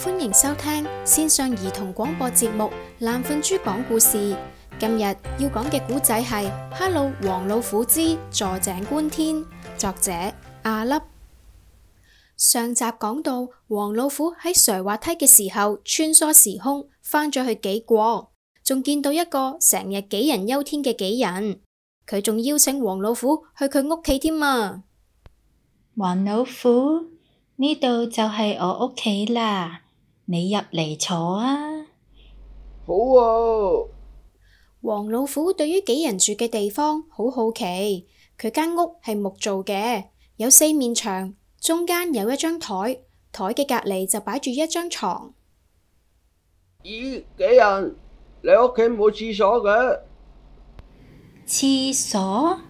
歡迎收聽線上兒童廣播節目《懶瞓豬講故事》。今日要講嘅古仔係《Hello 王老虎之坐井觀天》，作者阿粒。上集講到王老虎喺瀡滑梯嘅時候穿梭時空，返咗去杞國，仲見到一個成日杞人憂天嘅杞人，佢仲邀請王老虎去佢屋企添啊！王老虎，呢度就係我屋企啦。你入嚟坐啊！好啊！王老虎對於杞人住嘅地方好好奇，佢間屋係木做嘅，有四面牆，中間有一張台，台嘅隔籬就擺住一張床。咦、呃，杞人，你屋企冇廁所嘅？廁所？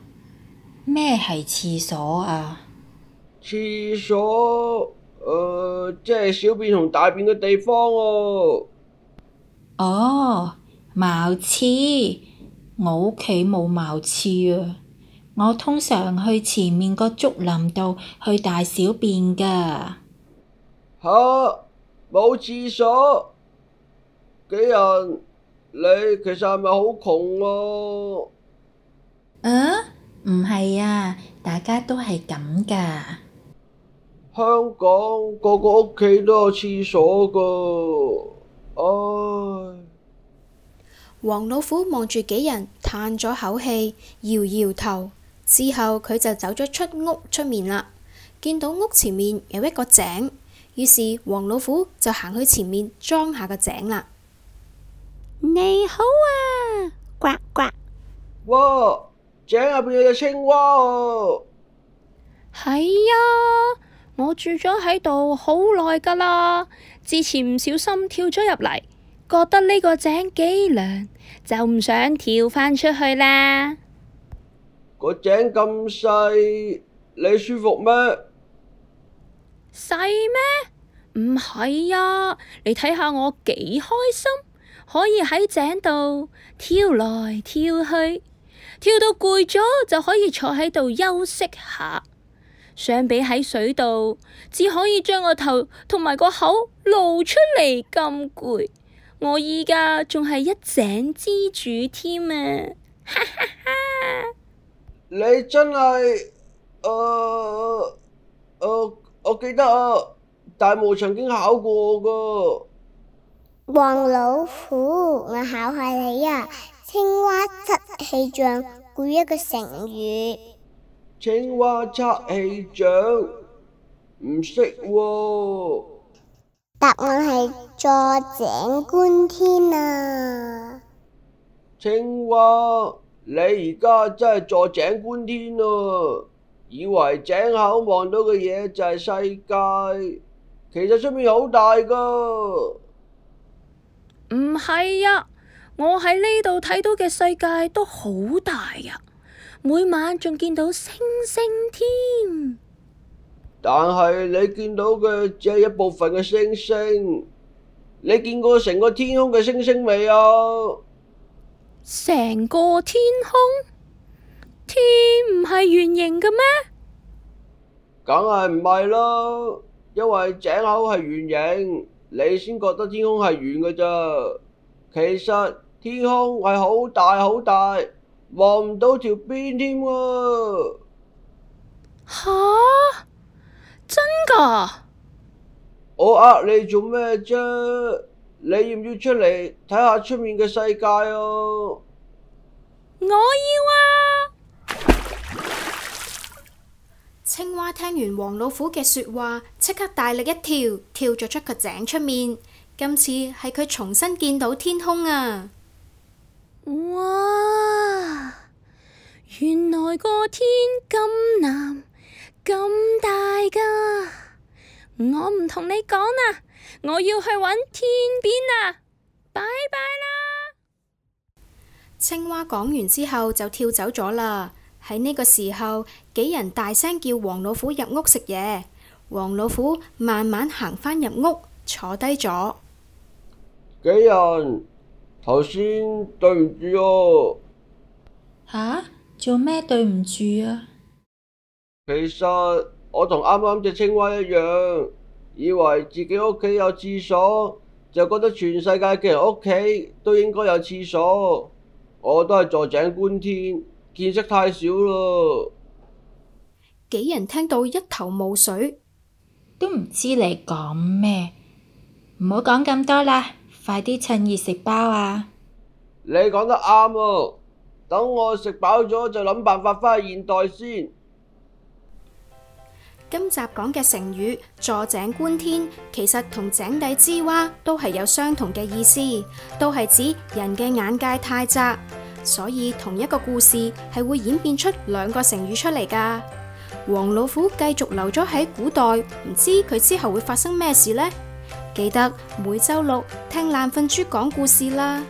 咩係廁所啊？廁所。誒、呃，即係小便同大便嘅地方哦、啊。哦，茅廁，我屋企冇茅廁啊，我通常去前面個竹林度去大小便噶。吓，冇廁所，杞人？你其實係咪好窮哦？嗯、啊，唔係啊，大家都係咁噶。香港個個屋企都有廁所噶，唉。王老虎望住幾人，嘆咗口氣，搖搖頭，之後佢就走咗出屋出面啦。見到屋前面有一個井，於是王老虎就行去前面裝下個井啦。你好啊，呱呱。哇，井入邊有隻青蛙哦、啊。哎我住咗喺度好耐噶啦，之前唔小心跳咗入嚟，覺得呢個井幾涼，就唔想跳返出去啦。個井咁細，你舒服咩？細咩？唔係啊。你睇下我幾開心，可以喺井度跳來跳去，跳到攰咗就可以坐喺度休息下。相比喺水度，只可以將個頭同埋個口露出嚟咁攰，我而家仲係一井之主添啊！哈哈哈，哈！你真係，誒、呃、誒、呃，我記得啊，大霧曾經考過我噶。王老虎，我考下你啊！青蛙出氣象，估一個成語。青蛙測氣掌，唔識喎。答案係坐井觀天啊！青蛙，你而家真係坐井觀天啊。以為井口望到嘅嘢就係世界，其實出面好大噶。唔係啊，我喺呢度睇到嘅世界都好大啊。每晚仲見到星星添，但係你見到嘅只係一部分嘅星星，你見過成個天空嘅星星未啊？成個天空，天唔係圓形嘅咩？梗係唔係咯，因為井口係圓形，你先覺得天空係圓嘅啫。其實天空係好大好大。望唔到條邊添喎！吓，真噶！我呃你做咩啫？你要唔要出嚟睇下出面嘅世界啊？我要啊！ 青蛙聽完王老虎嘅說話，即刻大力一跳，跳咗出個井出面。今次係佢重新見到天空啊！哇！原來個天咁藍咁大噶，我唔同你講啦，我要去搵天邊啦，拜拜啦！青蛙講完之後就跳走咗啦。喺呢個時候，幾人大聲叫王老虎入屋食嘢。王老虎慢慢行返入屋，坐低咗。幾人，頭先對唔住哦。吓？啊？做咩對唔住啊？其實我同啱啱隻青蛙一樣，以為自己屋企有廁所，就覺得全世界嘅人屋企都應該有廁所。我都係坐井觀天，見識太少咯。幾人聽到一頭霧水，都唔知你講咩，唔好講咁多啦，快啲趁熱食包啊！你講得啱喎！等我食飽咗，就諗辦法翻去現代先。今集講嘅成語“坐井觀天”，其實同“井底之蛙”都係有相同嘅意思，都係指人嘅眼界太窄。所以同一個故事係會演變出兩個成語出嚟噶。王老虎繼續留咗喺古代，唔知佢之後會發生咩事呢？記得每周六聽爛瞓豬講故事啦。